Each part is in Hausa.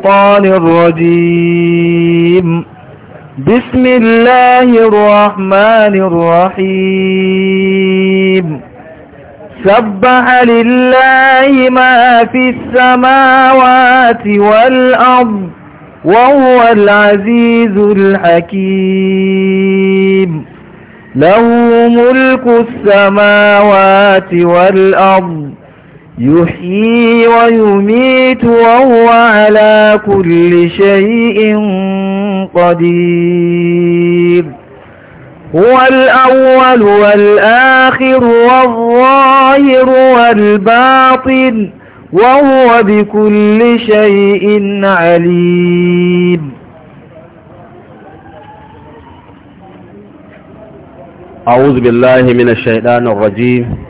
الشيطان الرجيم بسم الله الرحمن الرحيم سبح لله ما في السماوات والأرض وهو العزيز الحكيم له ملك السماوات والأرض يحيي ويميت وهو على كل شيء قدير هو الأول والآخر والظاهر والباطن وهو بكل شيء عليم أعوذ بالله من الشيطان الرجيم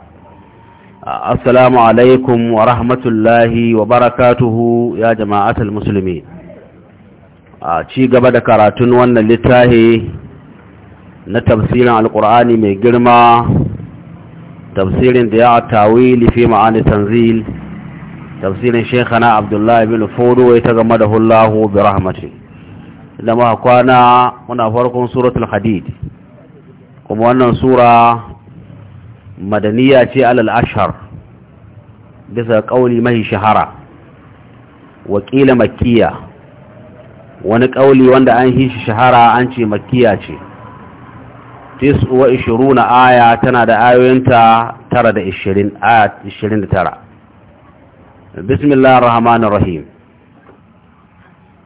alaikum wa rahmatullahi wa barakatuhu ya يا جماعة المسلمين ci gaba da karatun wannan littafi na tafsirin alkur'ani mai girma tafsirin da ya tawili fi ma'ani tanzil tafsirin shekana abdullahi bin fodo ta game da hullahu bi rahmati da muka kwana muna farkon suratul hadid kuma wannan sura madaniya ce alal ashar bisa ƙauli mahi shahara wakila makiya wani ƙauli wanda an hishi shahara an ce makiya ce tis'uwa ishiru na aya tana da ayoyinta tara da ishirin aya ishirin da tara bismillah rahman rahim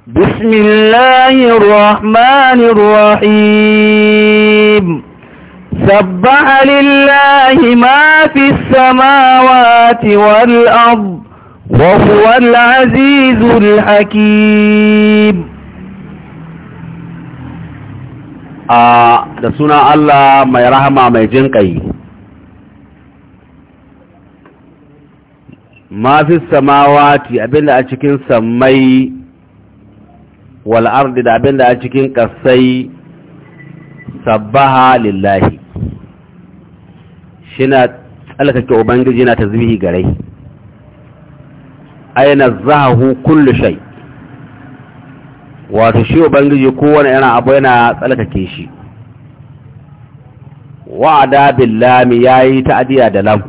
بسم الله rahim. سبح لله ما في السماوات والأرض وهو العزيز الحكيم a da suna Allah mai rahama mai jin ƙai mafi samawati abinda a cikin sammai wal'ardi da abinda a cikin ƙasai sabbaha lillahi shina tsalkake ubangiji yana zubi gare aina zahu kullu shai wato shi ubangiji kowane yana abu yana tsalkake shi wa'ada billami yayi ta'diya da lam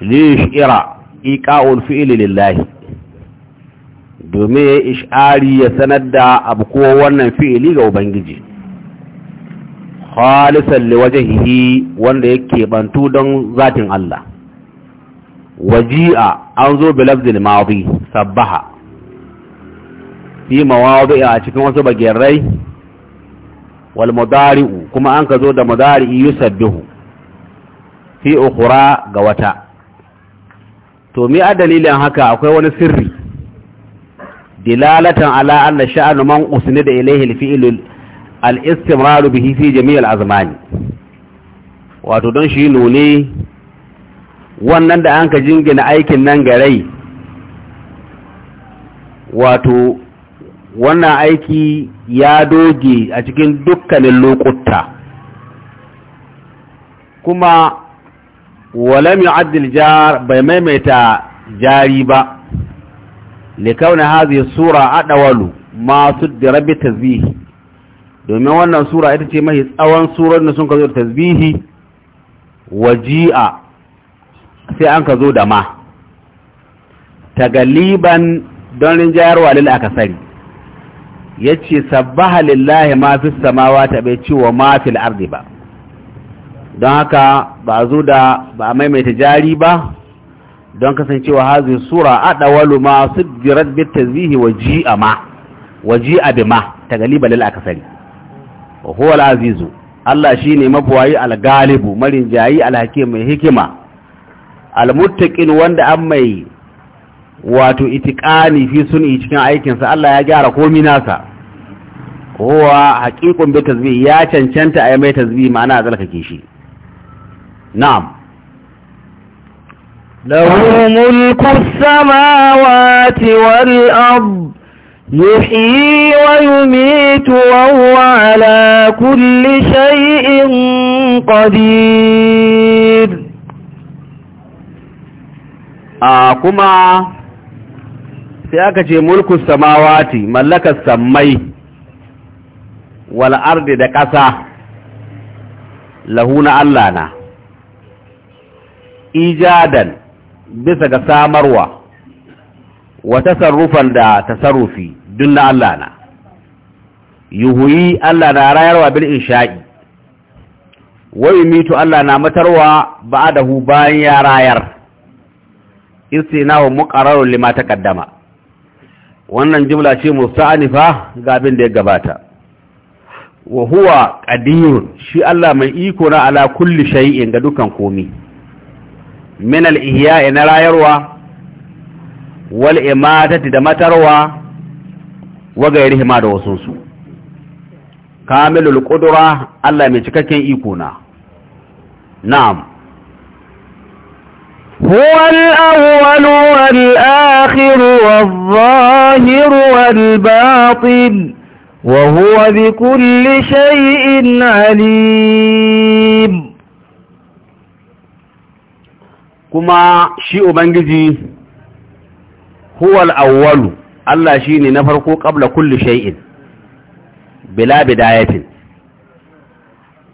liyushira iqa'ul fi'li lillahi domin ya ish'ari ya sanar da abu kowa wannan fi'ili ga ubangiji khalisan liwajhihi wanda yake bantu don zatin Allah waji'a an zo bi lafzil madi sabbaha fi mawadi'i a cikin wasu bagirai wal mudari'u kuma an ka zo da mudari'i yusabbihu fi ukhra ga wata to mi a dalilin haka akwai wani sirri dilalatan ala anna sha'anu man usnida ilayhi al-fi'lu al-istimraru bihi fi jami'il azmani wato don shi nune wannan da an ka jingina aikin nan ga wato wannan aiki ya doge a cikin dukkanin lokuta kuma walam yu'addil jar bai maimaita jari ba likauna hadhihi sura adawalu ma suddi tazihi domin wannan sura ita ce mahi tsawon surar da sun ka zo da tasbihi waji'a sai an ka zo da ma tagaliban don rinjayarwa lil akasari yace sabbaha lillahi ma samawa ta bai ci wa ma ardi ba don haka ba zo da ba maimaita jari ba don kasancewa hazi sura adawalu ma sujjirat bit tasbihi waji'a ma waji'a bima tagaliban lil akasari huwa al-azizu Allah shine mabwayi al-galibu marin jayi al-hakim mai hikima al-muttaqin wanda an mai wato itiqani fi sun'i cikin aikin sa Allah ya gyara komai nasa huwa haqiqun bi tasbih ya cancanta ayi mai tasbih ma'ana zalkake shi na'am له ملك السماوات والأرض يحيي ويميت وهو على كل شيء قدير آه كما sai aka ce mulku samawati mallakar sammai wal ardi da ƙasa lahu na Allah na ijadan bisa ga samarwa wa tasarrufan da tasarrufi dun na Allah na yuhuyi Allah na rayarwa bil insha'i wa yumitu Allah na matarwa ba hu bayan ya rayar wa muqarrarun lima taqaddama wannan jimla ce musta'anifa ga abin da ya gabata wa huwa shi Allah mai iko na ala kulli shay'in ga dukan komi min al-ihya'i na rayarwa wal imatati da matarwa wa hima da wasu su kamilul qudra Allah mai cikakken iko na na'am huwal al-awwal wal-akhir wal zahir wal-batin wa huwa bi kulli shay'in alim kuma shi ubangiji huwal awwalu Allah shi ne na farko ƙabla kulli shay'in bila bidayatin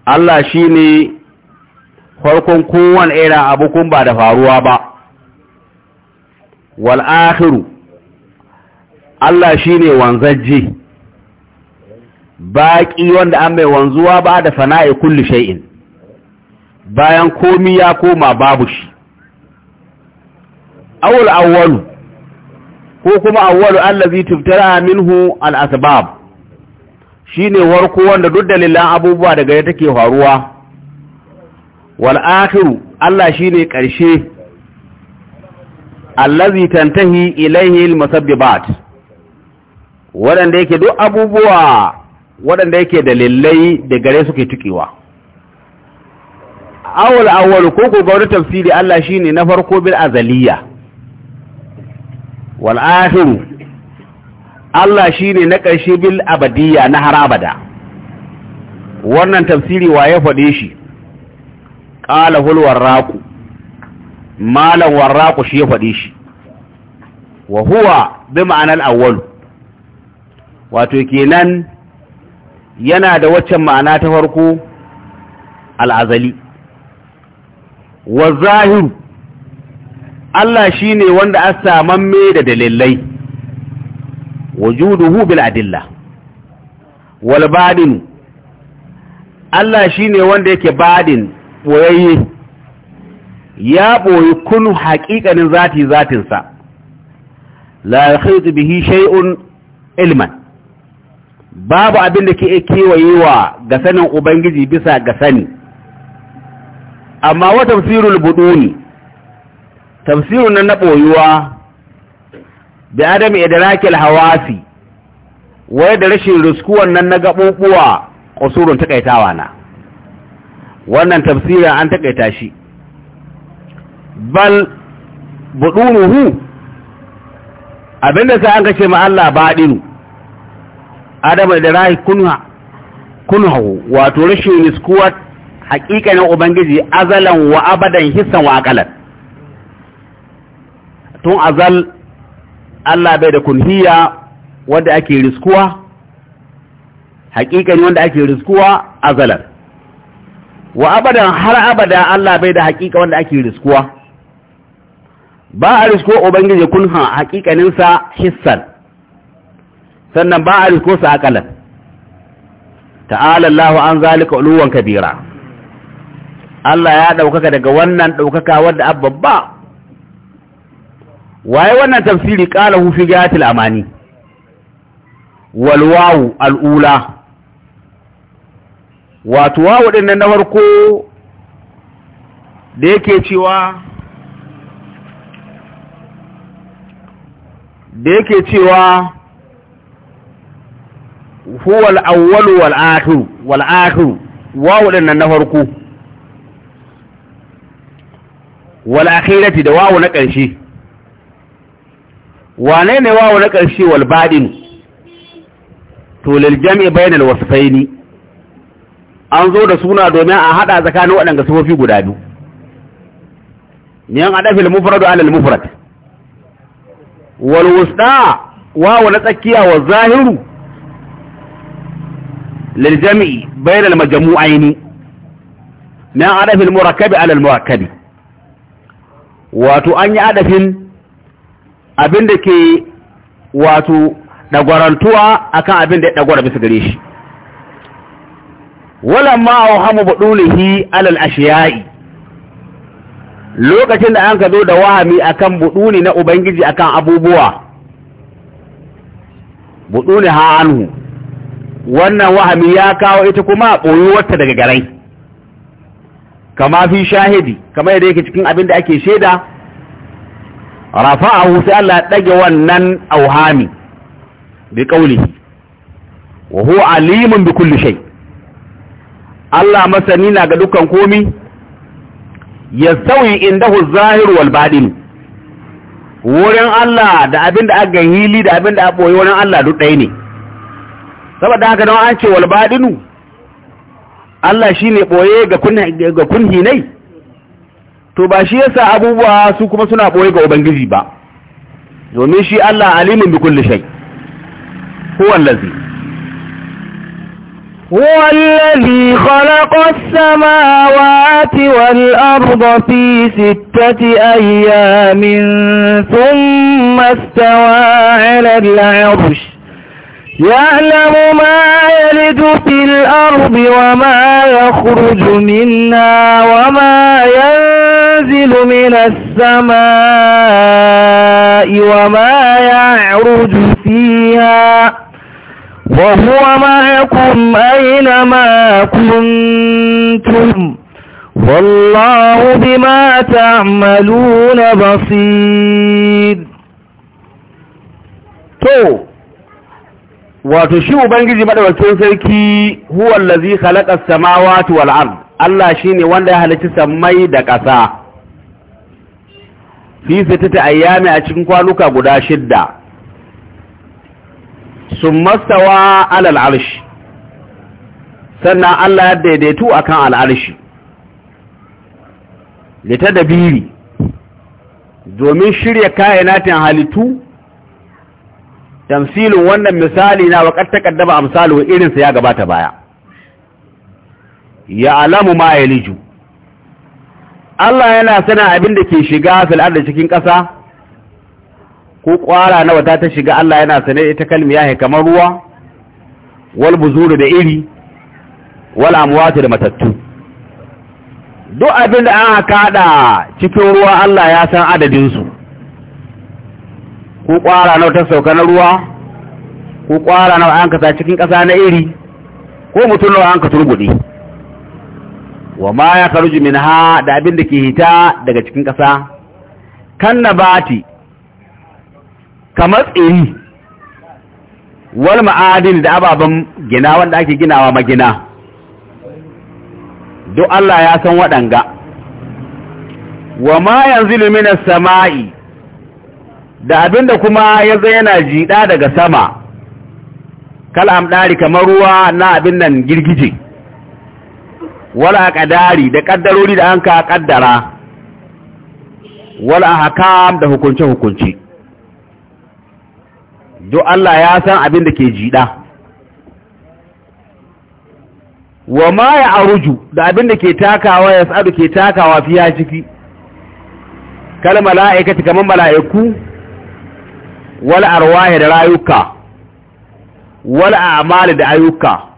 Allah shi ne farkon kowane irin abu kun ba da faruwa ba Wal'ahiru. akhiru Allah shi ne wanzajje baƙi wanda an mai wanzuwa ba da fana'i kulli shay'in bayan komi ya koma babu shi awul awwalu ko kuma awwalu allazi tubtara minhu al-asbab shine warko wanda duk dalilan abubuwa daga take faruwa wal akhiru Allah shine karshe allazi tantahi ilayhi al-musabbibat wadanda yake duk abubuwa wadanda yake dalilai da gare suke tukewa awal awwal ko ko ga wani tafsiri Allah shine na farko bil azaliyah wal'ahiru akhir Allah shine na ƙarshe bil abadiyya na harabada. wannan tafsiri wa ya faɗe shi Ƙala hulwar raku. malan warraku shi ya faɗe shi wa huwa bi ma'anal wato kenan yana da waccan ma'ana ta farko al'azali wa zahiru Allah shi ne wanda a me da dalilai wujuduhu bil adilla wal badin Allah shi ne wanda yake badin ɓoyayye, ya ɓoyi kunu haƙiƙanin zati zatinsa la yakhaytu bihi shay'un ilman babu abin da ke kewayewa ga sanin ubangiji bisa ga sani amma wa tafsirul ne. tamsirun nan na ɓoyuwa da adam idrakil hawasi wai da rashin ruskuwan nan na gaɓuɓuwa ƙasurin taƙaitawa na wannan tafsirin an taƙaita shi bal buɗunuhu abinda sai an kace ma Allah baɗinu adam idraki kunha kunhu wato rashin ruskuwar haƙiƙanin ubangiji azalan wa abadan hissan wa aqalan tun azal Allah bai da kunhiya wanda ake riskuwa hakikani wanda ake riskuwa azalar. wa abadan har abada Allah bai da hakika wanda ake riskuwa ba a risko ubangiji kunha hakikaninsa hissan sannan ba a risko sa akalan ta'ala Allahu an zalika uluwan kabira Allah ya ɗaukaka daga wannan daukaka wanda abba waye wannan tafsiri kala hu fi amani wal wawu al ula wato wawu din nan na farko da yake cewa da yake cewa huwa al-awwal wal akhir wal akhir wawu din nan na farko wal akhirati da wawu na ƙarshe wane ne wawo na ƙarshe wal badin to lil jami bainal wasfaini an zo da suna domin a haɗa tsakanin waɗanda sifofi guda biyu min adafil mufradu alal mufrad wal wusta wawo na tsakiya wa zahiru lil jami bainal majmu'aini min adafil murakkabi alal murakkabi wato an yi adafin abin da ke wato dagwarantuwa akan abin da ya dagwara bisa gare shi walan ma wahamu budulihi alal ashiya'i lokacin da an ka zo da wahami akan buduni na ubangiji akan abubuwa buduni ha wannan wahami ya kawo ita kuma a ɓoyuwarta daga garai kama fi shahidi kama yadda yake cikin abin da ake shaida rafa'ahu sai Allah dage wannan auhami bi qaulihi wa huwa alimun bi kulli shay Allah masani na ga dukan komi yasawi indahu zahir wal badin wurin Allah da abinda aka hili da abinda aka boye wurin Allah duk ɗaya ne saboda haka don an ce wal badinu Allah shine boye ga kunni ga kunhi nai to ba shi yasa abubuwa su kuma suna boye ga ubangiji ba domin shi Allah alimin bi kulli shay huwa allazi هو الذي خلق السماوات والأرض في ستة أيام ثم استوى على العرش يعلم ما يلد في الأرض وما يخرج منها وما يلد ينزل من السماء وما يعرج فيها وهو معكم أينما كنتم والله بما تعملون بصير تو wato shi ubangiji madawacin sarki huwa allazi khalaqa as-samawati wal ard Allah shine wanda ya halicci samai da ƙasa fi ta ayyami a cikin kwanuka guda shidda summastawa alal arshi sannan Allah ya daidaitu akan al'arshi lita da biri domin shirya kayanatin halittu tamsilin wannan misali na waƙar takaddama amsalu irinsa ya gabata baya ya alamu ma ya liju Allah yana sana abin da ke shiga fil ardi cikin ƙasa ko ƙwara nawa ta ta shiga Allah yana sana ita kalmiya he kamar ruwa wal buzuru da iri wal amwat da matattu duk abin da aka kada cikin ruwa Allah ya san adadin su ko ƙwara nawa ta sauka na ruwa ko ƙwara nawa an kasa cikin ƙasa na iri ko mutum nawa an ka turbude wa ma ya karuji min ha da abin da ke hita daga cikin ƙasa kan na bati kamar tsiri wal ma'adin da ababen gina wanda ake ginawa magina duk Allah ya san waɗanga wa ma yanzu luminar sama'i da abin da kuma ya zai yana jiɗa daga sama kal'am ɗari kamar ruwa na abin nan girgije wala kadari da kaddarori da an ka kaddara wala hakam da hukunce hukunci do Allah ya san abin da ke jida wa ma ya aruju da abin da ke takawa ya sadu ke takawa fiya ciki kal mala'ikati kaman mala'iku wal arwah da rayuka wal a'mal da ayyuka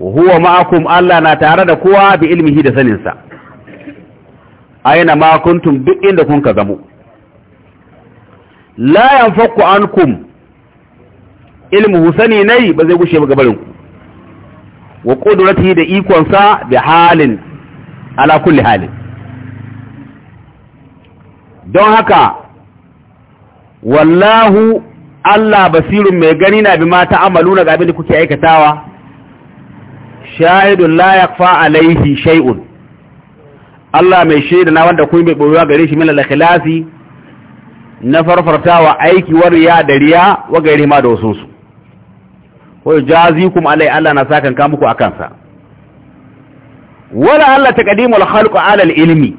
wa huwa ma'akum Allah na tare da kowa bi ilmihi da saninsa aina ma kuntum duk inda kun ka zamo la yanfaku ankum ilmu husani nai ba zai gushe ba gabarin ku wa qudratihi da ikon sa bi halin ala kulli halin don haka wallahu Allah basirun mai gani na bi mata amalu na ga da kuke aikatawa shahidun la yakfa alaihi shay'un Allah mai shaida na wanda kuma bai boyuwa gare shi min al-ikhlasi na farfartawa aiki wa riya da riya wa gare ma da wasu ko jazikum alai Allah na sakan ka muku akan sa wala Allah taqdimul khalqu ala al-ilmi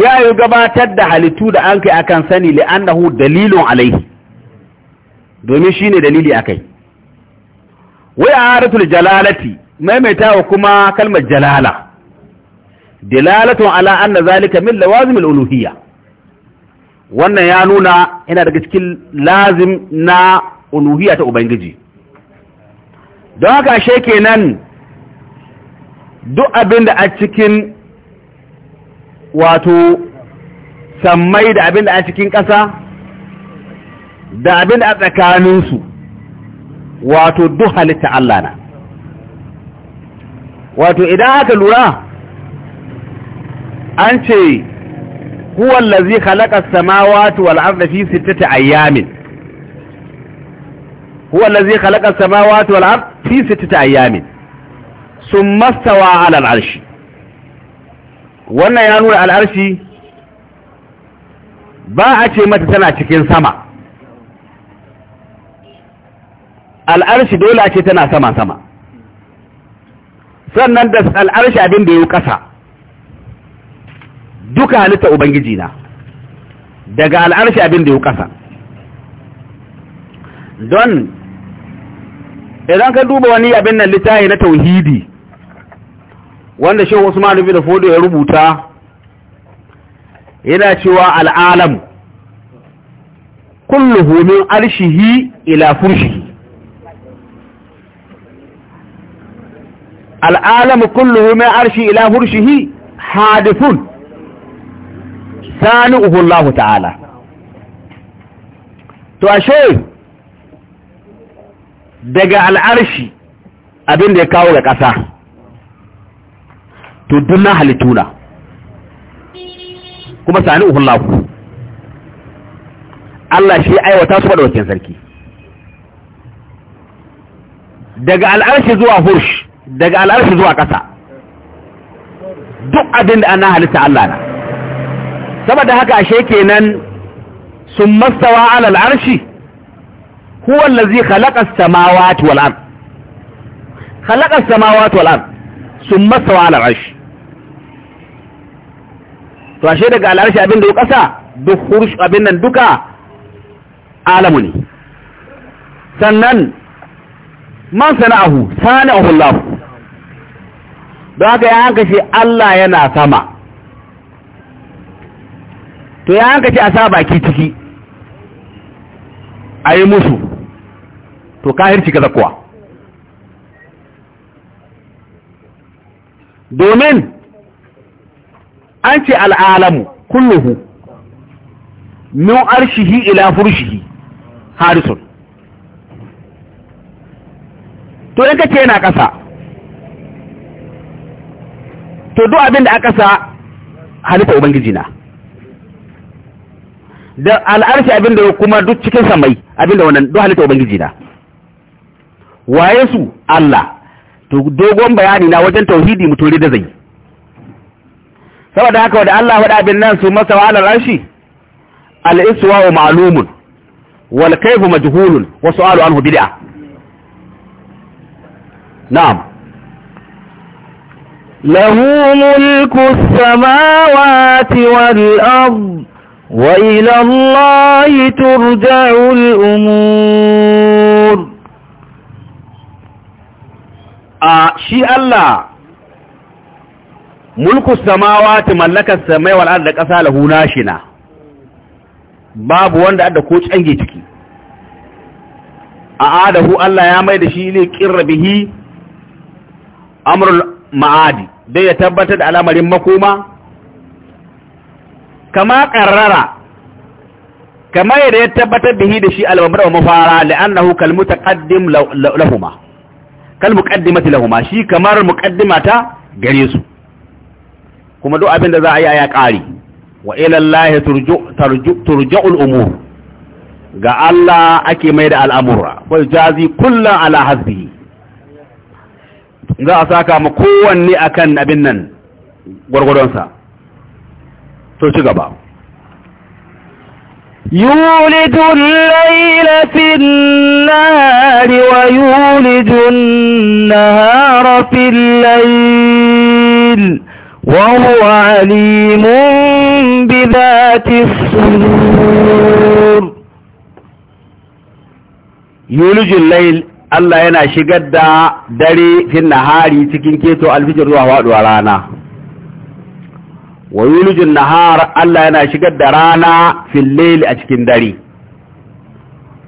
ya yi gabatar da halittu da an kai akan sani li'annahu dalilun alaihi domin shine dalili akai wai a aratul jalalati maimaita wa kuma kalmar jalala dilalatun ala anna zalika min lawazimil uluhiyya wannan ya nuna yana daga cikin lazim na uluhiyya ta ubangiji don haka ashe kenan duk abin da a cikin wato sammai da abin da a cikin ƙasa da abin da a tsakaninsu wato duk halitta Allah na wato idan aka lura an ce huwa allazi khalaqa sama samawati wal arda fi sittati ayyamin huwa allazi khalaqa as-samawati wal arda fi ayyamin thumma stawa 'ala wannan ya nuna al'arshi ba a ce mata tana cikin sama al'arshi dole ce tana sama-sama sannan da al'arshi abin da ya yi ƙasa duka halitta ubangiji na daga al'arshi abin da ya yi ƙasa don idan ka duba wani abin nan littafi na tauhidi wanda shi Usman da Fodo ya rubuta yana cewa al'alam kullu min arshihi ila furshihi Al'alamu العالم كله من عرشه إلى فرشه Sani سانئه ta'ala. To ashe daga al'arshi abinda ya kawo ga ƙasa to dunna halittuna kuma sani uhullahu Allah shi aiwata su faɗa sarki daga al'arshi zuwa hurshi daga al'arshi zuwa ƙasa duk abin da ana halitta Allah na saboda haka ashe kenan sun mastawa ala al'arshi huwa allazi khalaqa as-samawati wal ard khalaqa as-samawati wal ard sun mastawa ala al'arshi to ashe daga al'arshi abin da ya ƙasa duk hurush abin nan duka alamu ne sannan man sana'ahu sana'ahu Allah don haka ya hanka shi Allah yana sama to ya hanka shi a sa baki ciki a yi musu to shi ka zakuwa domin an ce al'alamu kulluhu min arshihi ila furshihi harisun to in ka ce yana ƙasa to duk abin da aka sa halitta ubangiji na da al'arshi abin da kuma duk cikin samai abin da wannan duk halitta ubangiji na waye su Allah to dogon bayani na wajen tauhidi mutore da zai saboda haka wanda Allah wada abin nan su masa wa al'arshi al'iswa wa ma'lumun wal kayfu majhulun wa su'alu anhu bid'a na'am lahu mulku samawati wal ard wa ila allahi turja'u al umur a shi allah mulku samawati mallaka samai wal ard kasa lahu nashina babu wanda adda ko cange ciki a'adahu allah ya mai da shi ne qirbihi amrul ma'adi dai ya tabbatar da al'amarin makoma kama karrara kama yadda ya tabbatar da shi da shi al-mamra wa mafara la'annahu kal mutaqaddim lahumma kal muqaddimati lahumma shi kamar muqaddimata gare su kuma duk abin da za a yi aya ƙari wa ila Allah turja'ul umur ga Allah ake mai da al'amura wa jazi kullan ala hasbihi za a saka mu kowanne akan abin nan gwargwadonsa to ci gaba يولد الليل في النهار ويولد النهار في الليل وهو عليم بذات الصدور يولد الليل Allah yana shigar da dare fin nahari cikin keto alfijir zuwa waɗuwa rana wa yulijin nahar Allah yana shigar da rana fin laili a cikin dare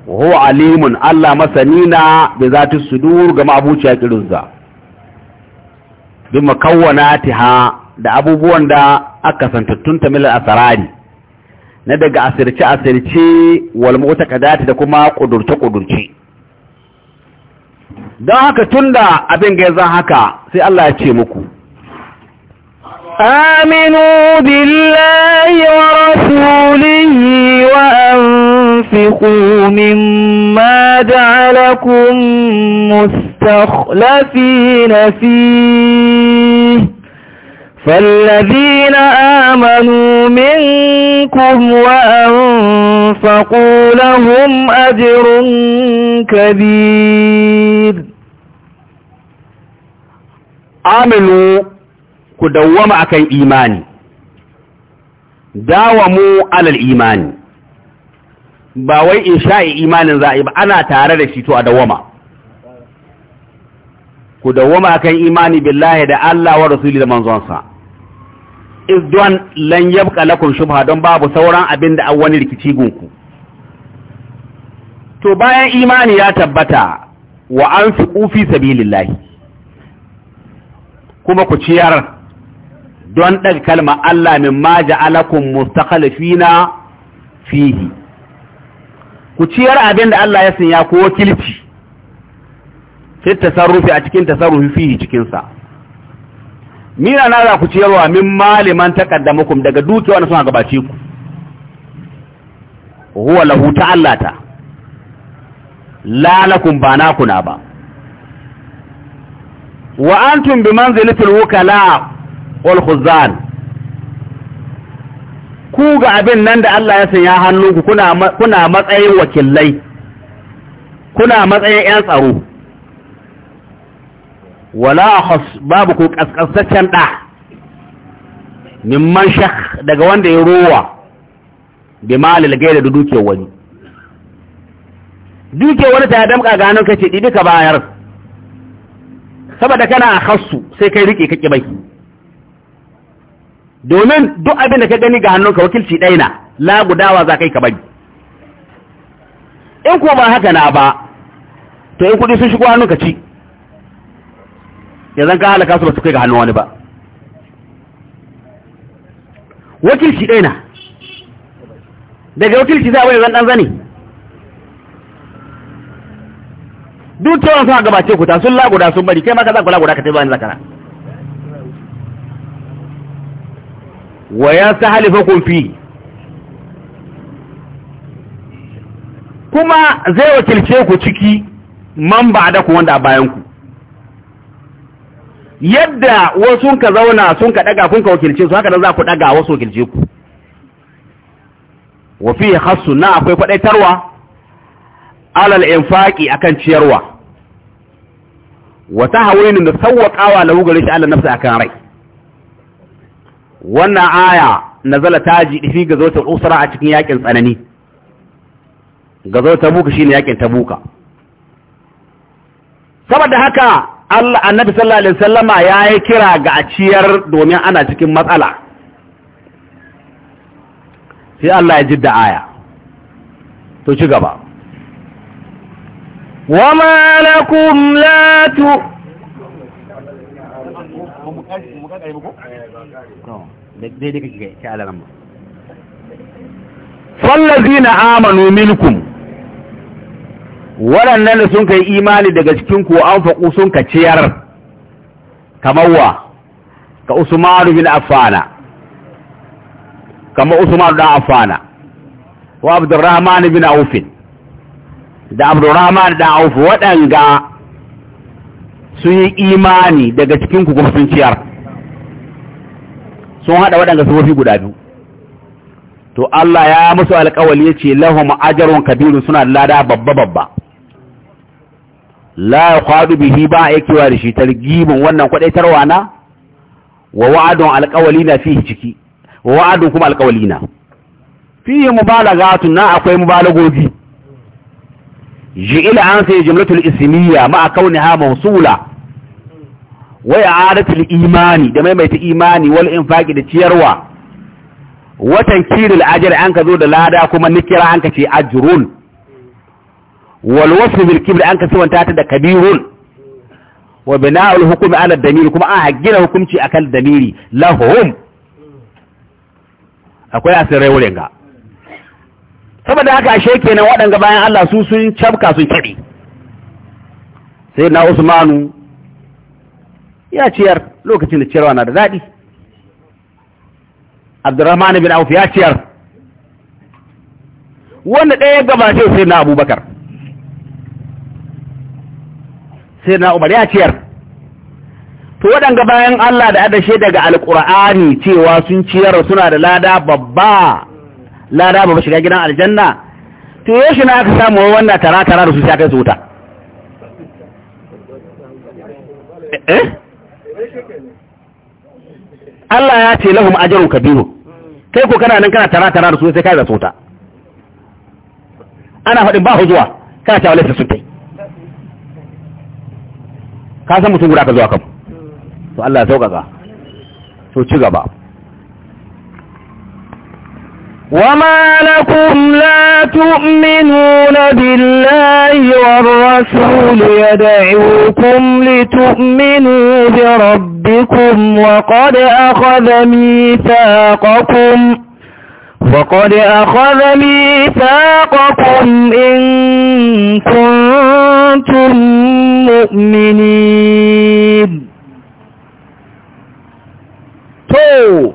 wa huwa alimun Allah masanina bi zati sudur ga mabuciya kiruzza bi makawwanatiha da abubuwan da aka santattun ta milal asarari na daga asirce asirce wal mu'taqadati da kuma ƙudurce kudurce don haka tunda abin ga yanzu haka sai Allah ya ce muku aminu billahi wa rasulihi wa anfiqu mimma ja'alakum mustakhlafina fihi فالذين آمنوا منكم وأنفقوا لهم أجر كبير آمنوا كدوما أكن إيمان داوموا على الإيمان باوي إنشاء إيمان زائب أنا تارد شيتو أدوما ku dawwama kan imani billahi da Allah wa rasuli da manzon sa izdon lan yabqa lakum shubha don babu sauran abin da an wani rikici gunku to bayan imani ya tabbata wa anfiqu fi sabilillahi kuma ku ciyar don ɗaga kalma Allah min ma ja'alakum mustaqalifina fihi ku ciyar abin da Allah ya sanya ko wakilci fit tasarrufi a cikin tasarrufi fihi cikin sa mina na za ku ciyarwa min maliman taqaddamukum daga dukiya na suna gabace ku huwa lahu ta'allata la lakum ba na kuna ba wa antum bi manzilatil wukala wal khuzan ku ga abin nan da Allah ya sanya hannunku kuna kuna matsayin wakilai kuna matsayin yan tsaro wala khas babu ku kaskasaccen da mimman shak daga wanda ya ruwa bi malil gaida, da duke wani duke wani ta damka ganin kace didi ka bayar saboda kana khassu sai kai rike kake baki domin duk abin da ka gani ga hannunka wakilci daina, na la gudawa za kai ka bari in ko ba haka na ba to in kudi sun shigo hannunka ci yanzu ka halaka su ba su kai ga hannun wani ba wakilci ɗaya na daga wakilci za a wani ɗan zane duk tawon a gabace ku ta sun laguda sun bari kai maka za ku laguda ka taiba ni zakara wa ya sa halifa kumfi kuma zai wakilce ku ciki man ba da ku wanda a bayanku yadda wasu ka zauna sun ka daga kun ka wakilce su haka nan za ku daga wasu wakilce ku wa fi khassu na akwai kwadaitarwa alal infaqi akan ciyarwa wa tahawinu da sawwaqawa lahu gare shi Allah nafsa akan rai wannan aya nazala taji difi ga zautar usra a cikin yakin tsanani ga zautar buka shine yakin tabuka saboda haka Allah annabi sallallahu alaihi wasallama yayi kira ga a ciyar domin ana cikin matsala sai Allah ya jidda aya to ci gaba ma lakum la tu alaran fallazina amanu minkum waɗannan da sun kai imani daga cikin ku an faƙu sun ka ciyar kamar wa ka usmanu bin affana kamar usmanu da affana wa abdurrahman bin Auf da abdurrahman dan auf waɗanga sun yi imani daga cikin ku kuma sun ciyar sun haɗa waɗanga sufofi guda biyu to Allah ya musu alƙawali ya ce lahum ajrun kabirun suna lada babba babba la yaqadu bihi ba aikewa da shi targibin wannan kwadaitarwa na wa wa'adun na fihi ciki wa wa'adun kuma alqawlina fihi mubalagatun na akwai mubalagogi ji'ila an sai jumlatul ismiyya ma kauniha mawsula wa i'adatul imani da maimaita imani wal infaqi da ciyarwa watan kiril ajr an ka zo da lada kuma nikira an ka ce ajrun walwasu wasf bil an kasanta ta da kabirun wa bina'ul hukmi ala damiri kuma an hagina hukunci akan damiri lahum akwai asirai wurin ga saboda haka ashe kenan waɗanga bayan Allah su sun cabka sun tabi sai na Usmanu ya ciyar lokacin da ciyarwa na da daɗi Abdurrahman bin Auf ya ciyar wanda ɗaya gabace sai na Abubakar sai na umar ya ciyar to waɗanga bayan Allah da adashe daga alƙur'ani cewa sun ciyar suna da lada babba lada babba shiga gidan aljanna to yaushe na aka samu wannan tara tara da su sai kai su wuta eh, eh Allah ya ce lahum ajrun kabiru kai ko kana nan kana tara tara da su sai kai da su wuta ana faɗin ba zuwa kana ta walaita su kai ka san mutum guda ka zuwa kan to Allah ya sauƙaƙa to ci gaba وما لكم لا تؤمنون بالله والرسول يدعوكم لتؤمنوا بربكم وقد أخذ ميثاقكم وقد أخذ ميثاقكم إن كنتم مؤمنين تو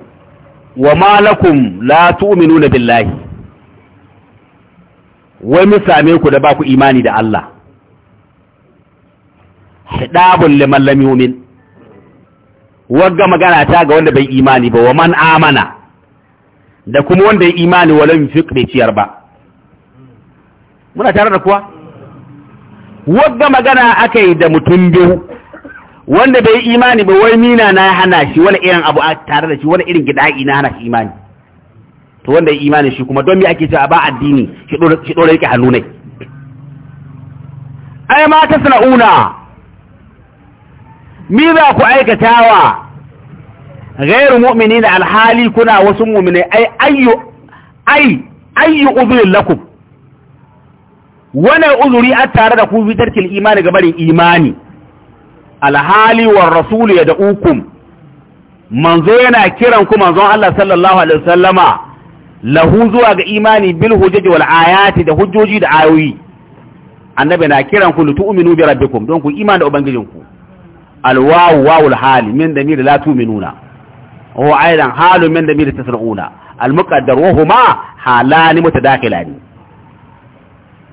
وما لكم لا تؤمنون بالله ومن ساميكم دباكم إيماني دا الله hidabun liman lam yumin wagga magana ta ga wanda bai imani ba wa man amana da kuma wanda ya imani walau yunfiq bai ciyar ba muna tare da kuwa wadda magana aka yi da mutum biyu wanda bai imani ba wai nina na hana shi wani irin abu a tare da shi wani irin gida'i na hana shi imani to wanda ya imani shi kuma don me ake cewa ba addini shi ɗora yake hannu nai. ai mata sana'una mi za ku aikatawa ghairu da alhali kuna wasu mu'mine ai ayyu ai ayyu udhrin lakum wani uzuri a tare da ku fitarkil imani ga barin imani alhali war rasul ya da ukum manzo yana kiran ku manzon Allah sallallahu alaihi wasallama lahu zuwa ga imani bil hujjaji wal ayati da hujjoji da ayoyi annabi na kiran ku li tu'minu bi rabbikum don ku imani da ubangijinku alwawu wawul hali min damir la tu'minuna هو أيضا حال من دمير التسرقون المقدر وهما حالان متداخلان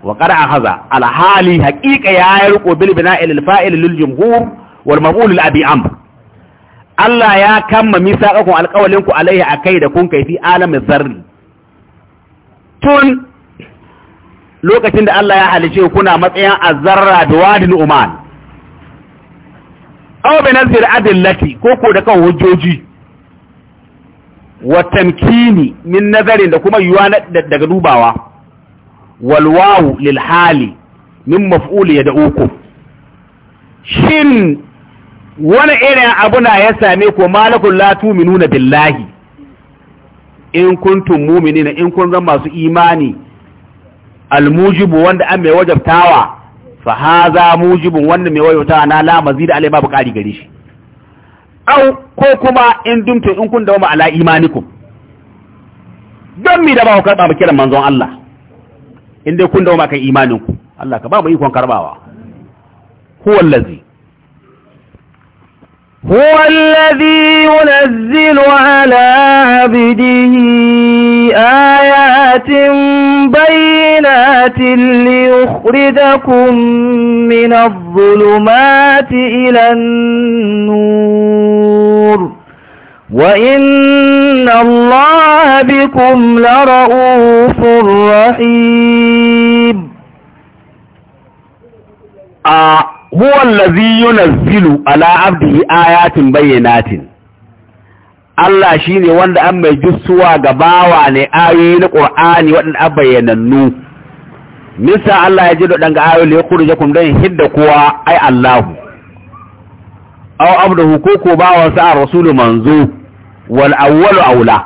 وقرع هذا الحال حقيقة يارق بالبناء للفائل للجمهور والمقول لأبي عمرو الله يا كم ميثاقكم القول لكم عليه أكيد كون كي في عالم الذر تون لوكا تند الله يا حالي شيء كنا مطيا الذرة دواد الأمان أو بنزل عدل لكي كوكو دكا وجوجي wa tamkini min nazarin da kuma yuwa daga dubawa Walwawu lilhali min hali ya maf'ul yad'ukum shin wani irin abu na ya same ku malakul la tu'minuna billahi in kuntum mu'minina in kun zan masu imani almujibu wanda an mai wajabtawa fa haza mujibun wanda mai wajabtawa na lamazi da alai ba kari gare shi au ko kuma in dumtu in kun dawama ala imanikum don mi da ba ku karɓa ba kiran manzon Allah in dai kun dawama kan imaninku Allah ka ba mu ikon karbawa huwa allazi هو الذي yunzilu ala عبده ayatin bayna آيات ليخرجكم من الظلمات إلى النور وإن الله بكم لرؤوف رحيم آه هو الذي ينزل على عبده آيات بينات Allah shi ne wanda an mai jussuwa ga bawa ne ayoyi na ƙur'ani waɗanda bayyanannu misa Allah ya ji da ɗanga ayo da ya kuri ya kuma don hidda kowa ai Allahu, au abu ko ko bawansa a rasulu manzo wal awwalu aula,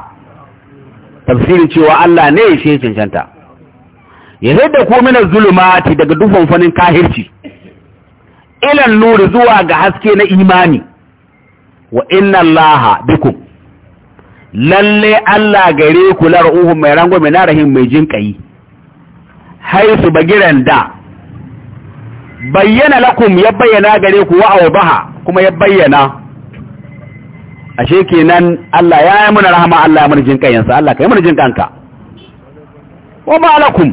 tafsirin cewa Allah ne ya shi cancanta. Ya hidda ko mina zulumati daga dufan fanin kahirci, ilan nuri zuwa ga haske na imani, wa inna Allah bikum, lalle Allah gare ku lar'uhun mai rango mai narahin mai ƙayi. haisu bagiran da bayyana lakum ya bayyana gare ku wa baha kuma ya bayyana ashe kenan Allah ya yi muna rahama Allah ya muna jin kayansa Allah ka yi muna jin kanka wa ma lakum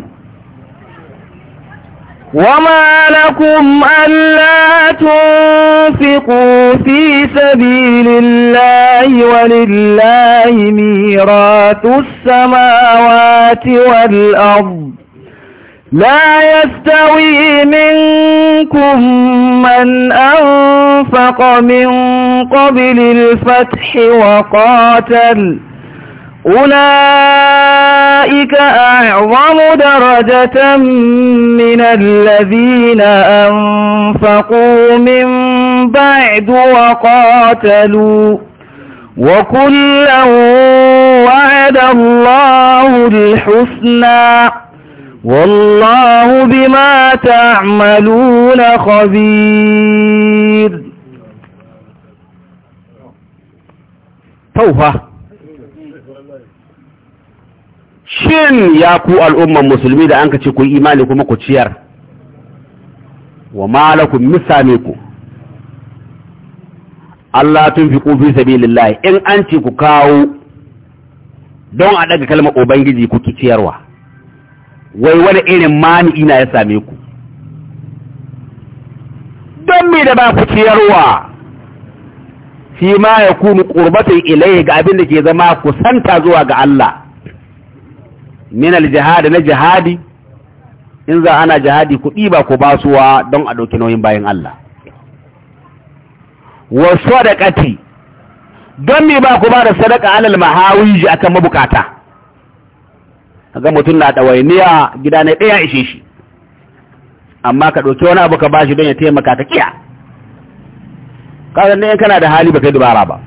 وما لكم ألا تنفقوا في سبيل الله ولله ميراث السماوات والأرض لا يستوي منكم من أنفق من قبل الفتح وقاتل أولئك أعظم درجة من الذين أنفقوا من بعد وقاتلوا وكلا وعد الله الحسنى والله بما تعملون خبير taufa shin ya ku al'umman musulmi da an ka ce ku yi imani kuma ku ciyar wa malakun misame ku Allah tun fi ƙofi sabi in an ce ku kawo don a ɗaga kalma Ubangiji ku ki ciyarwa wai wani irin mani ina ya same ku don me da ba ku ciyarwa fi ma ya kunu ƙurbatun ilai ga abin da ke zama kusanta zuwa ga Allah min aljihadi na jihadi in za ana jihadi ku ɗiba ku basuwa don a ɗauki nauyin bayan Allah wa sadaqati don me ba ku ba da sadaka alal mahawiji akan mabukata ga mutum na ɗawainiya gida na ɗaya ishe shi amma ka ɗauki wani abu ka bashi don ya taimaka ka kiya kawai ne kana da hali ba kai dubara ba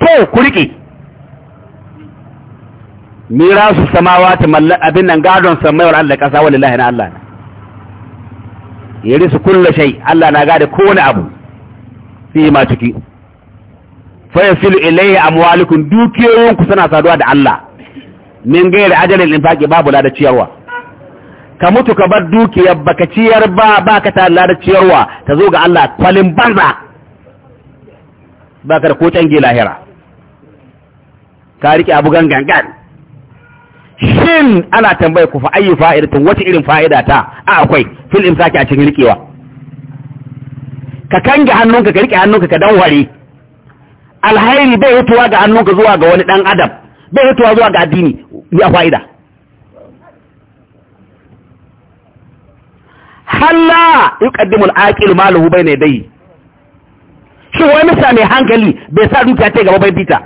to ku riƙe mira su samawa ta mallan abin nan gadon samayar Allah ƙasa wa lillahi na Allah na yari su kulla shai Allah na gada kowane abu fi ma ciki fa yasilu ilayhi amwalukum dukiyoyinku suna saduwa da Allah min gairi ajalin infaqi babu lada ciyarwa ka mutu ka bar dukiyar baka ciyar ba baka ta lada ciyarwa ta zo ga Allah kwalin banza baka da kotan tangi lahira ka rike abu gangan shin ana tambaye ku fa ayyu fa'idatin wata irin fa'ida ta a akwai fil imsaki a cikin rikewa ka kange hannunka ka rike hannunka ka danware alhairi bai hutuwa ga hannunka zuwa ga wani dan adam bai hutuwa zuwa ga addini ya fa'ida halla yuqaddimu al-aqil maluhu bayna yadayhi shi wani misa mai hankali bai sa dukiya ta gaba bai bita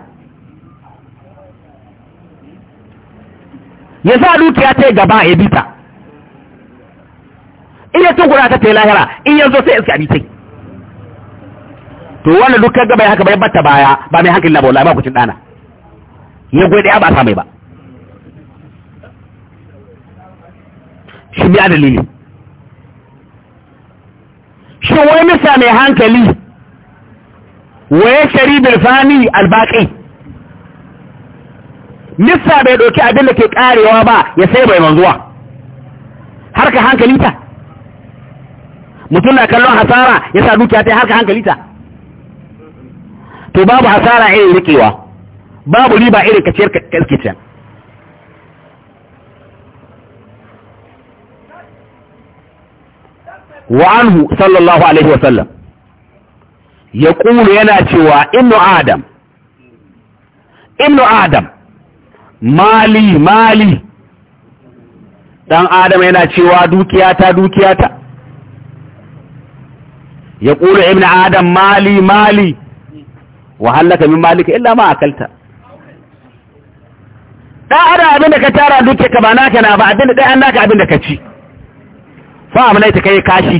ya sa dukiya ta gaba ya bita in ya tun ta ta lahira in yanzu sai iska bitai to wannan duk kaga bai haka bai batta baya ba mai hankali na ba wallahi ba kucin dana ya gode ya ba sa mai ba shi bi dalili shi wai misa mai hankali waye shari bil fani baqi misa bai doki abin da ke karewa ba ya sai bai manzuwa harka hankalinta mutum na kallon hasara ya sa dukiya ta harka hankalinta to babu hasara irin rikewa babu riba irin kaciyar kaskicin wa anhu sallallahu alaihi wa sallam ya kulu yana cewa ibnu adam ibnu adam mali mali dan adam yana cewa dukiyata dukiyata ya kulu ibnu adam mali mali wa hallaka min malika illa ma akalta da ada abin da ka tara duke ka ba naka na ba abin da dai an naka abin da ka ci fa amana ta kai kashi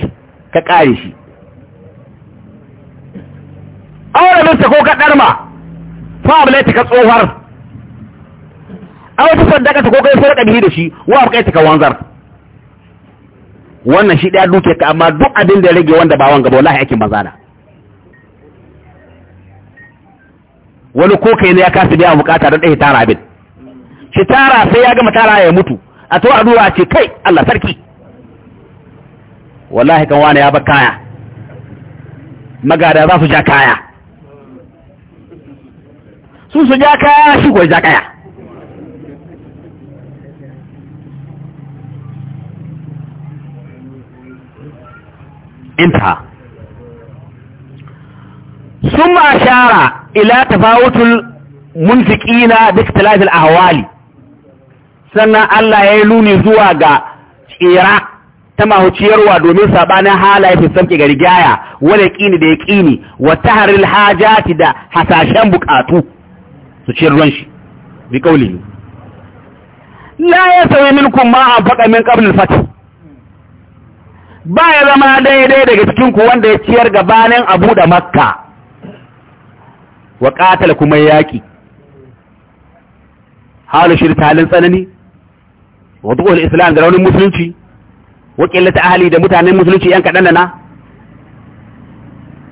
ka kare shi awara bin ta ko ka darma fa amana ta ka tsohar ta sadaka ta ko kai sai ka bihi da shi wa kai ta ka wanzar wannan shi daya duke ka amma duk abin da ya rage wanda ba wanga ba wallahi aikin banzana wani ko kai ne ya kasu biya bukata don ɗaya tara abin shi tara sai ya gama tara ya mutu a to a duwa ce kai Allah sarki wallahi kan wani ya bar kaya magada za su ja kaya su su ja kaya shi kuwa ja kaya inta sun ma shara ila tafawutul munfiqina bi ikhtilafil ahwali sannan Allah ya yi nuni zuwa ga tsira ta mahuciyarwa domin sabanin halaye fi samke ga rigaya wala kini da yaqini wa taharil hajati da hasashen bukatu su ciyar ruwan shi bi kauli la yasawi minkum ma faɗa min qabl al ba ya zama daidai daga cikin ku wanda ya ciyar gabanin abu da makka wa ƙatal kuma yaƙi halin shirin talin tsanani wa du'ul islam da raunin musulunci wa qillata ahali da mutanen musulunci yan kaɗan da na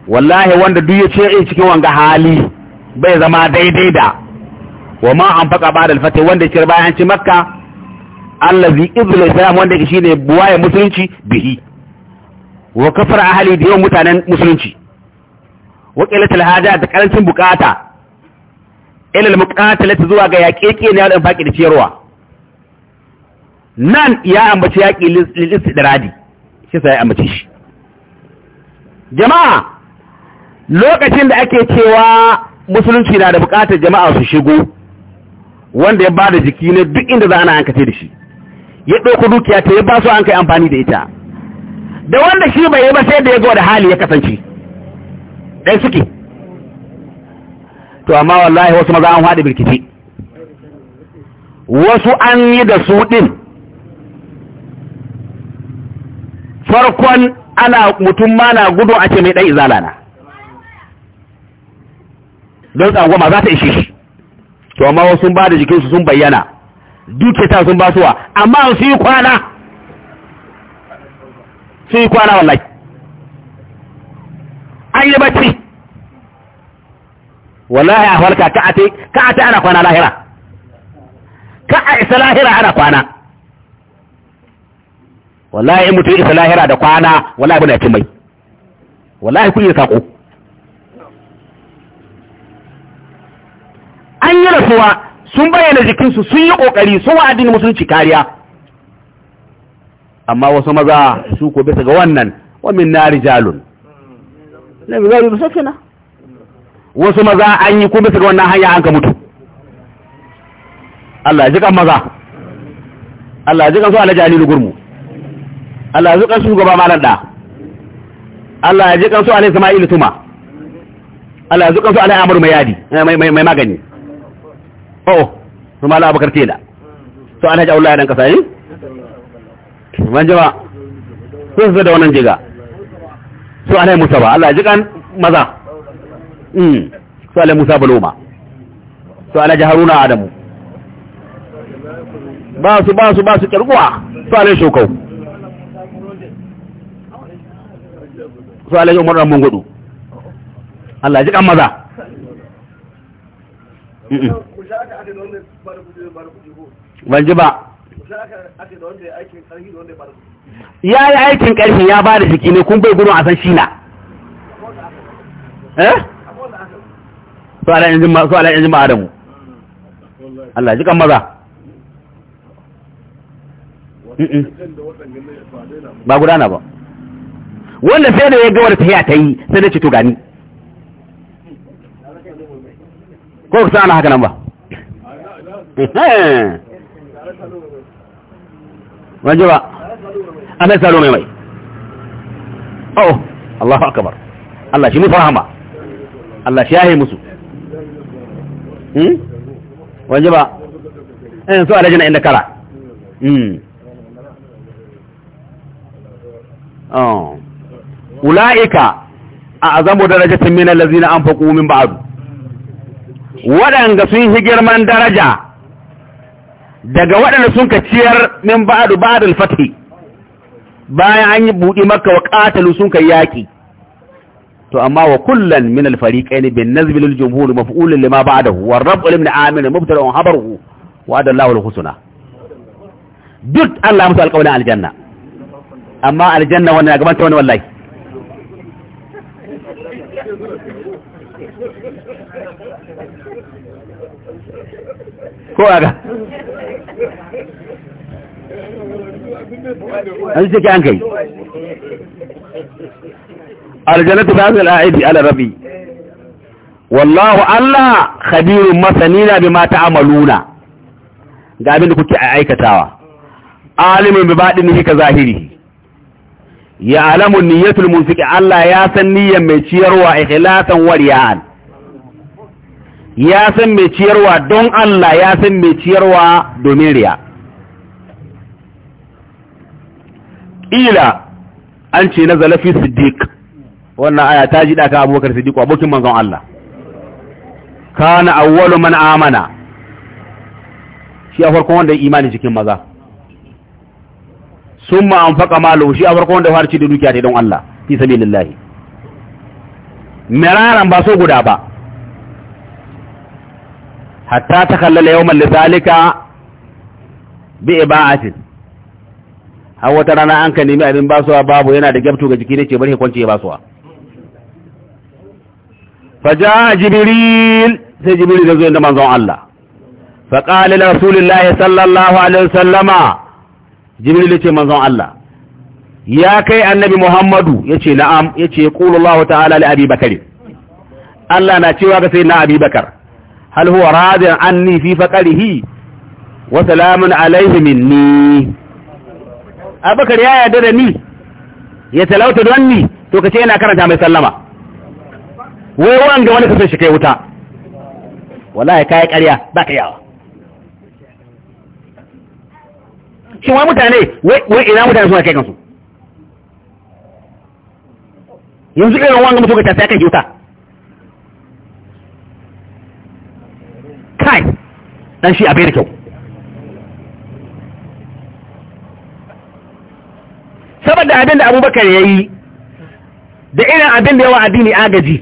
wallahi wanda duk ya ce in cikin wanga hali bai zama daidai da wa ma an faƙa ba da alfata wanda ya bayan ci makka allazi izul islam wanda shi ne buwaye musulunci bihi wa kafar ahali da yawan mutanen musulunci wa qillatul haja da ƙarancin buƙata, bukata ila al muqatalati zuwa ga yaƙeƙe ne al infaqi da ciyarwa nan ya ambaci yaƙi da radi, shi sa ya ambaci shi jama'a lokacin da ake cewa musulunci na da buƙatar jama'a su shigo wanda ya ba da jiki ne duk inda za ana hankace da shi ya ɗauko dukiya ta ya ba su an kai amfani da ita da wanda shi bai yi ba sai da ya ga wani hali ya kasance ɗaya suke to amma wallahi wasu maza an haɗe birkiti, wasu an yi da su ɗin farkon ana mutum ma na gudu a ce mai ɗai izala na don tsangwama za ta ishe shi to amma wasu sun ba da jikinsu sun bayyana duke ta sun basuwa amma su yi kwana su yi kwana wallahi an yi bacci wallahi a farka ka ate ka ate ana kwana lahira ka a isa lahira ana kwana wallahi in mutum isa lahira da kwana wallahi na ci mai wallahi kun yi sako an yi rasuwa sun bayyana jikinsu sun yi kokari sun wa addini musulunci kariya amma wasu maza su ko bisa ga wannan wa min nari jalun na bi kina wasu maza an yi kuma bisa wannan hanya an ka mutu Allah ji kan maza Allah ji kan su ala alilu gurmu Allah ji kan su gaba malan da Allah ji kan su ala sama'ilu tuma Allah ji kan su alai amur eh, mai mai magani oh, oh su mala abakar tela su alhaji aulaye dan kasa Manjama eh? sun zo da wannan jiga su alai musa ba Allah jikan maza mm su alai musa loma su alai jaharuna adamu ba su ba su ba su kirguwa su alai shokau su alai umar ramon gudu Allah jikan maza ban ji ba ya yi aikin karfi ya ba da jiki ne kun bai gudun a san shina eh? su ala yanzu ma adamu Allah ji kan maza ba gudana ba wanda sai da ya ga wadda tahiya ta yi sai da ci to gani ko ku sa ana haka nan ba ba a anan tsaro mai mai oh Allahu akabar Allah shi musu hama Allah shi yahe musu hmm? ba wajiba eh so alajina inda kara a hmm. oh ulaika a'zamu darajatin lazina an anfaqu min ba'adu. waɗanda sun yi girman daraja daga waɗanda sun ka ciyar min ba'adu ba'adul fathi bayan an yi buɗi maka wa ƙatalu sun ka yaƙi to amma wa kullan min al-fariqaini bin nazbi lil jumhur maf'ulun lima ba'dahu wa rabb ibn amir mubtada'un habaruhu wa adallahu al-husna duk Allah musu alƙawarin aljanna amma aljanna wannan gaban ta wani wallahi ko aga an shi an kai aljanatu ta zai la'aidi ala rabi wallahu allah khabirun masanina bi ma ta'amaluna ga abin da kuke aikatawa alimin bi baɗin ne ka zahiri ya alamun niyyatul musiki Allah ya san niyyar mai ciyarwa ikhlasan wariya'an ya san mai ciyarwa don Allah ya san mai ciyarwa domin riya ila an ce na zalafi siddiq wannan aya ta ji daka abubakar siddiq abokin manzon Allah kana awwalu man amana shi a farkon wanda ya imani cikin maza summa anfaqa malu shi a farkon wanda ya fara da dukiya ta don Allah fi sabilillah miraran ba so guda ba hatta takallala yawmal lidhalika bi ibaatin har wata rana an ka nemi abin basuwa babu yana da gyabto ga jiki ne ce bari kwanci ya basuwa faja jibril sai jibril da zo inda manzon Allah fa qala li rasulillahi sallallahu alaihi wasallama jibril ce manzon Allah ya kai annabi muhammadu yace na'am yace qulu Allah ta'ala li abi bakari Allah na cewa ga sai na abi bakar hal huwa radin anni fi faqarihi wa salamun alaihi minni abubakar ya yarda da ni ya talauta don ni to kace yana karanta mai sallama wai wanga wani kasan shi kai wuta wallahi kai ƙarya ba ka yawa shin wai mutane wai ina mutane suna kai kansu yanzu irin wanga mutu ka tafiya kai wuta kai dan shi bai da kyau da abin da abubakar ya yi da irin abin da yawa addini agaji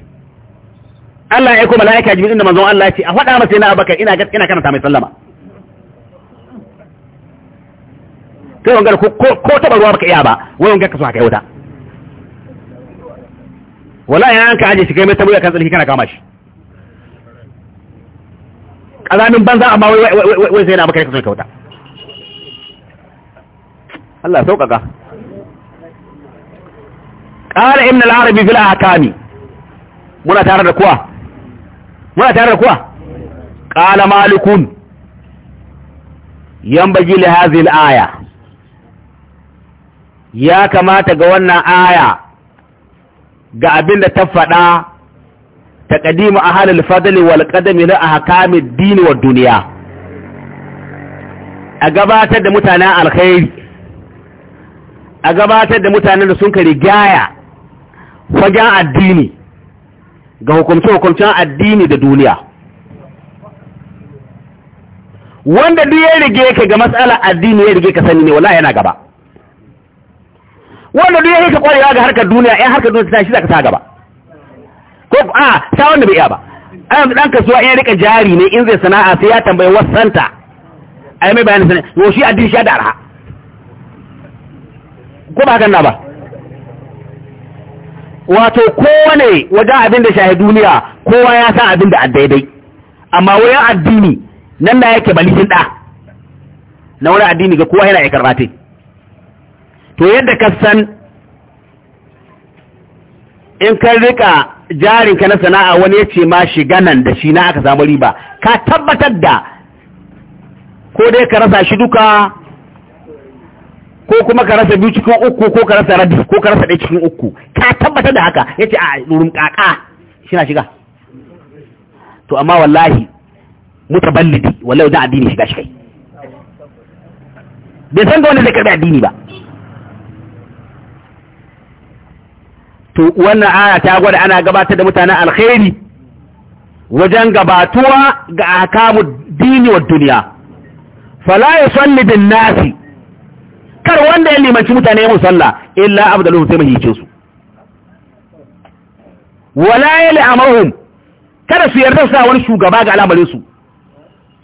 Allah ya kuma mala'ika jimin inda mazan Allah ce a faɗa masa yana abubakar ina ina karanta mai sallama kai wangar ko taɓa ruwa baka iya ba wani wangar ka so haka yau da wallahi an ka aje shi kai mai tabbata kan tsarki kana kama shi ƙazamin banza amma wai sai yana abubakar ka so wuta Allah sauƙaƙa ƙara ibn al’arabi fil akami muna tare da kuwa muna tare da kuwa ƙala malikun yambagi li hazil aya ya kamata ga wannan aya ga abin da ta faɗa ta ƙadimu a halil fadali wal ƙadami na a hakami dini wa duniya a gabatar da mutanen alkhairi a gabatar da mutanen da sun ka rigaya fagen addini ga hukumce-hukumcen addini da duniya wanda duk ya rige ka ga matsala addini ya rige ka sani ne wala yana gaba wanda duk ya rike kwarewa ga harkar duniya ya harkar duniya ta shi za ka sa gaba ko a sa wanda bai iya ba an dan kasuwa in rika jari ne in zai sana'a sai ya tambaye wasanta ai mai bayanin sana'a yau shi addini shi ya da arha ko ba hakan na ba wato kowane wajen abin da shahi duniya kowa ya san abin da addaidai amma wayan addini nan na yake balikin ɗa na wani addini ga kowa yana ya karɓa to yadda ka san in kan rika jarin ka na sana'a wani ya ce ma shiga nan da shi na aka samu riba ka tabbatar da ko dai ka rasa shi duka ko kuma ka rasa biyu cikin uku ko ka rasa rabi ko ka rasa ɗaya cikin uku ka tabbatar da haka yace a durum kaka shina shiga to amma wallahi mutaballidi wallahi da addini shiga shi kai bai san ga wanda zai karbi addini ba to wannan aya ta gwada ana gabatar da mutanen alkhairi wajen gabatuwa ga akamu dini wa duniya fala yusalli bin nasi kar wanda ya limanci mutane mu sallah illa abdaluhu sai mahicin su wala yali amruhum kada su yarda sa wani shugaba ga al'amarin su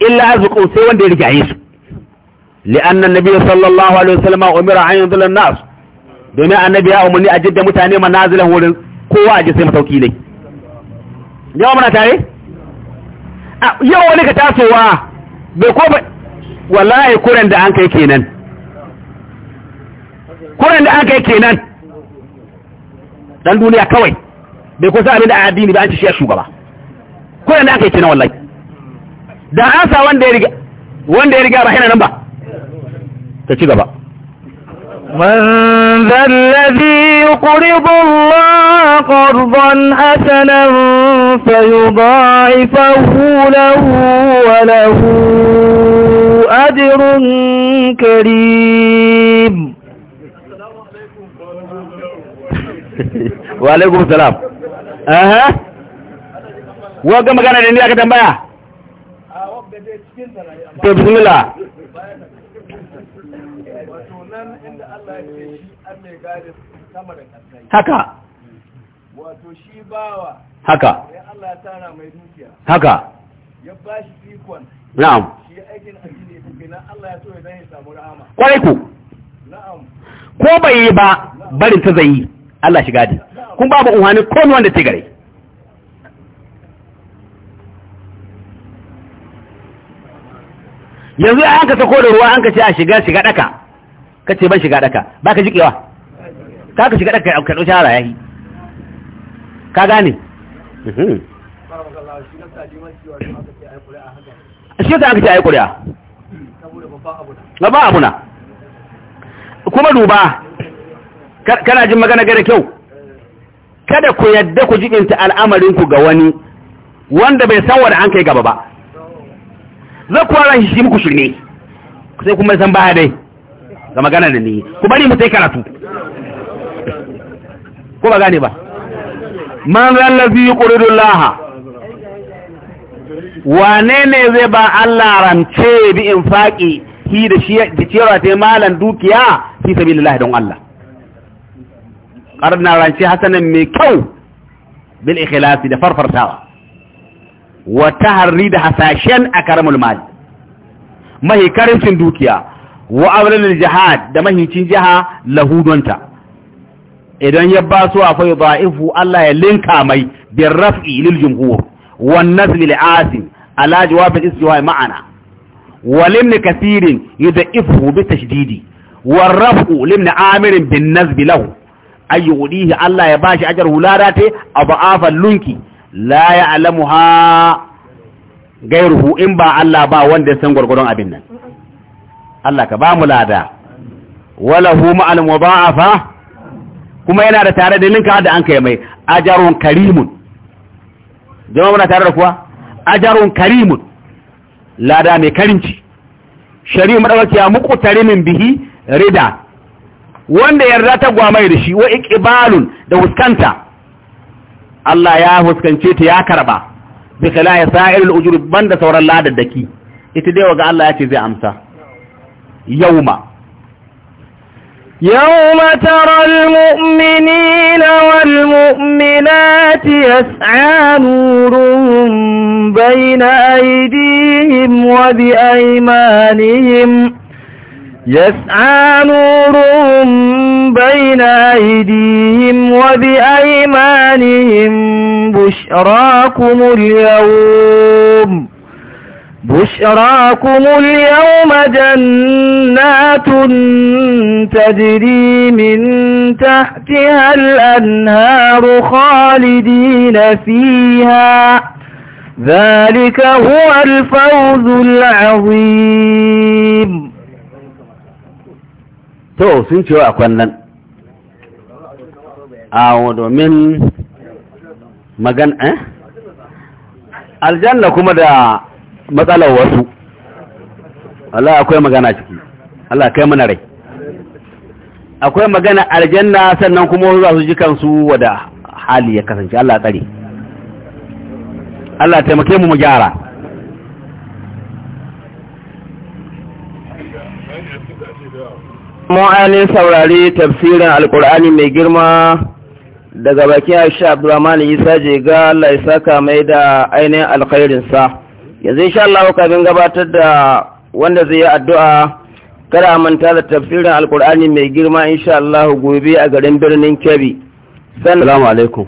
illa azqu sai wanda ya rigaye su li'anna annabi sallallahu alaihi wasallam umira an yudilla an-nas domin annabi ya umarni a jidda mutane manazilan wurin kowa a ji sai matauki ne yawa muna tare A yau wani ka tasowa bai ko wallahi kuran da an kai kenan kuran da aka yi kenan dan duniya kawai bai kusa abin da a addini ba an ci shi shugaba kuran da aka yi kenan wallahi da an sa wanda ya riga wanda ya riga ba hina nan ba ta ci gaba من ذا الذي يقرض الله قرضا حسنا فيضاعفه له وله أجر كريم wa alaikum salam aha wa ga magana da ni aka tambaya to bismillah haka wato shi bawa haka ya tara mai dukiya haka ya ba shi ikon na'am shi aikin addini kuma na Allah ya so ya dai samu rahama kwaiku na'am ko bai yi ba barin ta zai yi Allah shiga din kun babu unhani ko wanda ta gare yanzu an ka sako da ruwa an ka ce a shiga shiga daka ka ce ban shiga daka ba ka jikewa ka ka shiga daka ka ɗauki hara yahi ka gane mhm. shi ta an ka ce a yi ƙuri'a ba abuna kuma duba kana jin magana gare kyau kada ku yadda ku jibinta al'amarinku ga wani wanda bai san wani an kai gaba ba zai kuwa ran shi muku shirme sai kuma san baya dai ga magana da ni ku bari mu sai karatu ko ba gane ba man zallazi yuqridu Allah wane ne zai ba Allah rance bi infaqi hi da shi da cewa ta malan dukiya fi sabilillah don Allah ƙarna ranci hasanan mai kyau bil ikhlasi da farfartawa wa taharri da hasashen a karamul mali mahi karancin dukiya wa aulil jihad da mahicin jiha lahudonta idan ya ba su akwai ba'ifu Allah ya linka mai bin raf'i lil jumhur wa nazli lil asim ala jawabin al ma'ana wa limn kathirin yud'ifu bi tashdidi wa raf'u limn amirin bin nazbi lahu ayyudihi Allah ya bashi ajar hulara te abafan lunki la ya'lamuha gairuhu in ba Allah ba wanda ya san gurgurun abin nan Allah ka ba mu lada wala hu al mudafa kuma yana da tare da ninka da an kai mai ajarun karimun jama'a muna tare da kuwa ajarun karimun lada mai karinci shari'u madawarki ya muqtarimin bihi rida wanda yarda ta gwamai da shi wa iqbalun da huskanta Allah ya huskance ta ya karba bi khilaya ya sa'irul ujur banda sauran ladaddaki ita dai waga Allah ya ce zai amsa yauma يوم ترى المؤمنين والمؤمنات يسعى نورهم بين أيديهم وبأيمانهم يسعى نورهم بين أيديهم وبأيمانهم بشراكم اليوم بشراكم اليوم جنات تجري من تحتها الأنهار خالدين فيها ذلك هو الفوز العظيم to sun ce a kwallon a domin magan eh aljanna kuma da matsalar wasu Allah akwai magana ciki Allah kai mana rai akwai magana aljanna sannan kuma wasu za su ji kansu wada hali ya kasance Allah tsare Allah taimake mu mu gyara mu'anin saurari tafsirin alkur'ani mai girma daga bakin aisha abdurrahman isa ga Allah isa saka mai da ainihin alkhairinsa yanzu insha Allah kafin gabatar da wanda zai yi addu'a kada manta da tafsirin alkur'ani mai girma insha Allah gobe a garin birnin Kebbi Salamu alaikum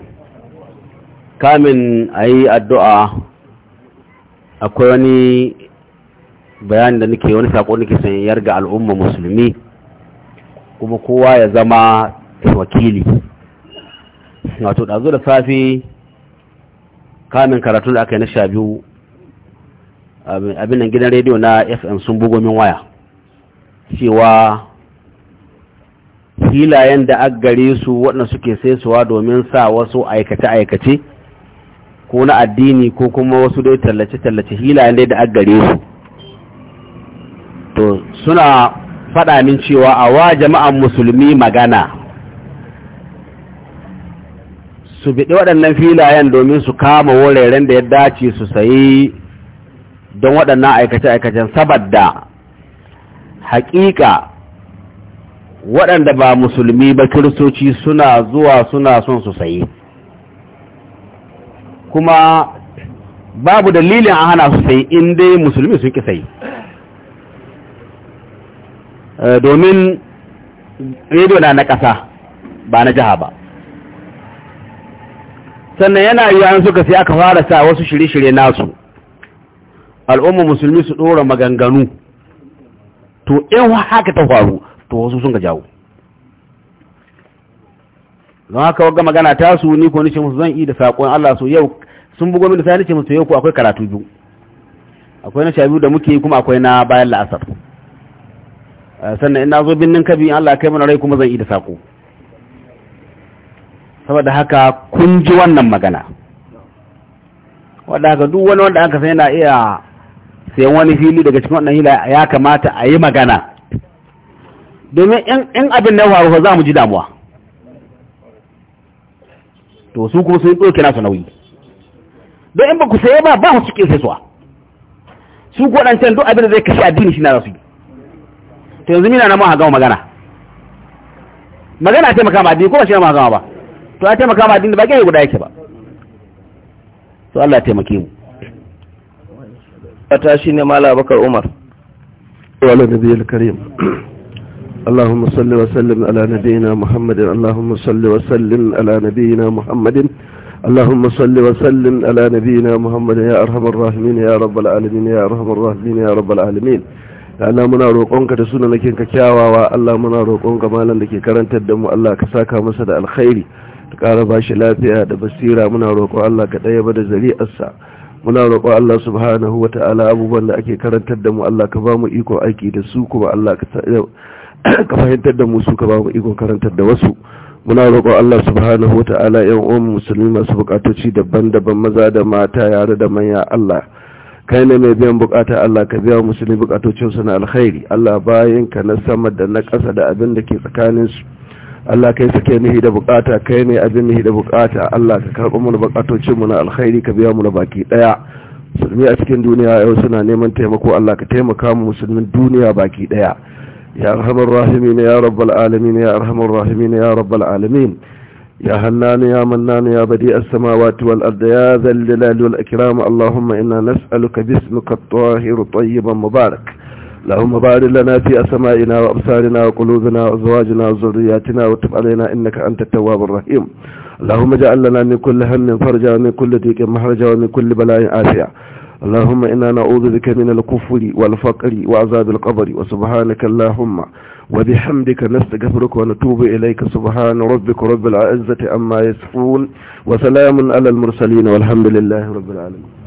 kamin a yi addu'a akwai wani bayani da nake wani sako nake son yarga al'umma musulmi kuma kowa ya zama wakili wato ɗazu da safi kamin karatu da aka yi na sha biyu abinan gidan rediyo na fm sun bugo min waya cewa hilayen da aggare su waɗanda suke sai suwa domin sa wasu aikace-aikace ko na addini ko kuma wasu dai tallace-tallace hilayen dai da aggare su to suna faɗa min cewa a wa jama'an musulmi magana su biɗi waɗannan filayen domin su kama wuraren da ya dace su sayi don waɗannan aikace-aikacen saboda haƙiƙa waɗanda ba musulmi ba kiristoci suna zuwa suna son su sayi kuma babu dalilin a hana su sayi in dai musulmi sun ƙi sayi Eh, domin rediyo na na ƙasa ba na jiha ba sannan yana yi an suka sai aka fara sa wasu shirye-shirye nasu al'ummar musulmi su ɗora maganganu to in haka ta faru to wasu sun ga jawo don haka waga magana ta su ni ko nishin musu zan yi da saƙon Allah su yau sun bugo min da sai nishin musu yau ko akwai karatu biyu akwai na sha biyu da muke kuma akwai na bayan la'asar sannan ina zo binnin kabi in Allah kai mana rai kuma zan yi da sako saboda haka kun ji wannan magana wanda haka duk wani wanda aka sai yana iya sayan wani fili daga cikin wannan hila ya kamata a yi magana domin in abin na faru za mu ji damuwa to su kuma sun ɗauke nasu nauyi don in ba ku saye ba ba su cikin sai suwa su kuwa ɗancan duk abin da zai kashe addini shi na rasu yi to yanzu mina na mu gama magana magana taimaka ma addini ko ba shi na mu gama ba to a taimaka ma addini ba ne guda yake ba to Allah taimake mu ta shi ne mala bakar umar wa nabiyil karim اللهم صل وسلم على نبينا محمد اللهم صل وسلم على نبينا محمد اللهم صل وسلم على نبينا محمد يا أرحم الراحمين يا رب العالمين يا الراحمين يا رب العالمين Allah muna roƙonka da suna nake ka kyawawa Allah muna roƙonka malam da ke karantar da mu Allah ka saka masa da alkhairi ka ƙara ba shi lafiya da basira muna roƙo Allah ka ɗaya ba da zari'arsa muna roƙo Allah subhanahu wa ta'ala abubuwan da ake karantar da mu Allah ka ba mu iko aiki da su kuma Allah ka fahimtar da mu su ka ba mu iko karantar da wasu muna roƙon Allah subhanahu wa ta'ala yan uwan musulmi masu buƙatoci daban-daban maza da mata yare da manya Allah kai ne mai biyan bukata Allah ka biya musulmi bukatocinsu na alkhairi Allah bayan ka na sama da na ƙasa da abin da ke tsakaninsu Allah kai suke nihi da bukata kai ne abin nihi da bukata Allah ka karɓi mu na alkhairi ka biya mu na baki ɗaya musulmi a cikin duniya yau suna neman taimako Allah ka taimaka mu musulmin duniya baki daya ya arhamar rahimin ya rabbal alamin ya arhamar rahimin ya rabbal alamin يا هنان يا منان يا بديع السماوات والأرض يا ذا الجلال والإكرام اللهم إنا نسألك باسمك الطاهر طيبا مبارك اللهم بارك لنا في أسمائنا وأبصارنا وقلوبنا وأزواجنا وذرياتنا وتب علينا إنك أنت التواب الرحيم اللهم اجعل لنا من كل هم فرجا ومن كل ضيق مهرجا ومن كل بلاء عافية اللهم إنا نعوذ بك من الكفر والفقر وعذاب القبر وسبحانك اللهم وبحمدك نستغفرك ونتوب إليك سبحان ربك رب العزة أما يصفون وسلام على المرسلين والحمد لله رب العالمين